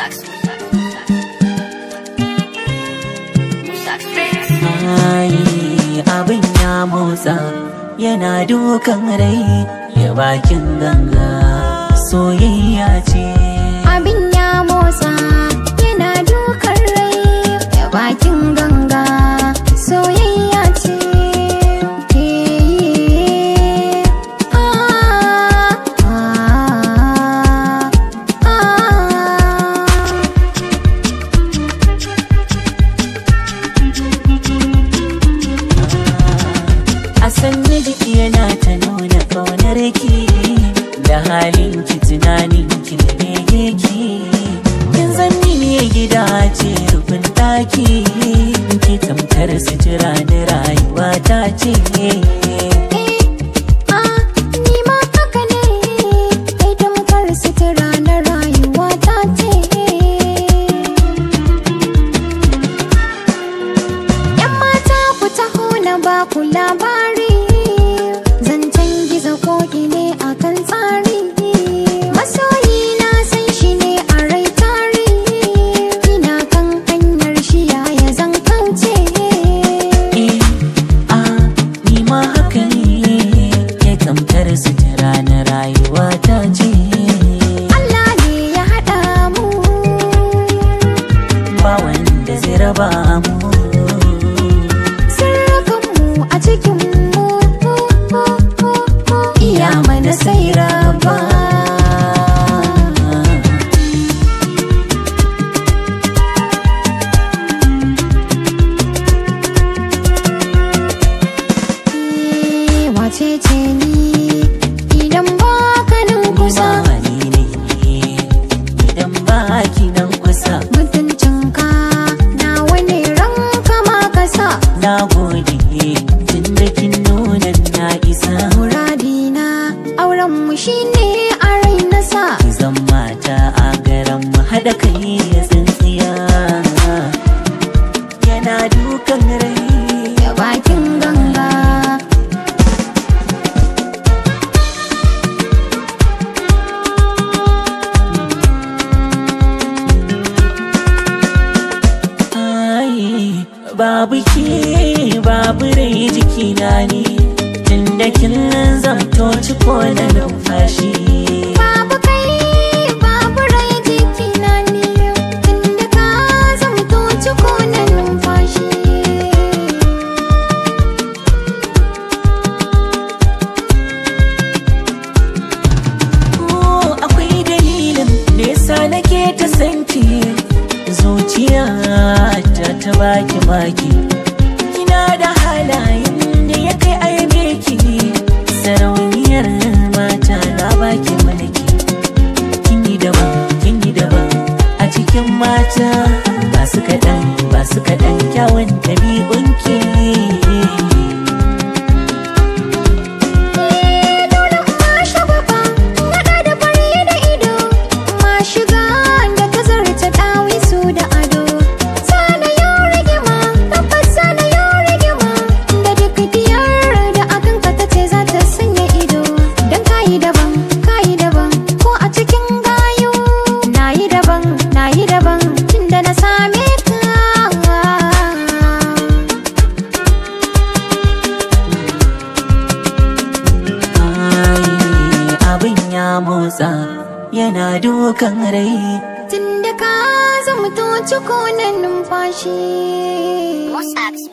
Sax. abin ya motsa yana dukan rai ya bakin ganga soyayya ciki yana ta nuna ƙaunar ki da halin ki tunanin ki da bege ki kin zanni ne gida ce rufin taki ki tamkar sutura ni rayuwa ta ce ku labari 一你。babu ke babu rai jikina ne tun da kin zamto ciko da numfashi ki baki kina da halayen da ya kai aibe ki sarauniyar mata na baki yana dukan rai tun da ka zama to numfashi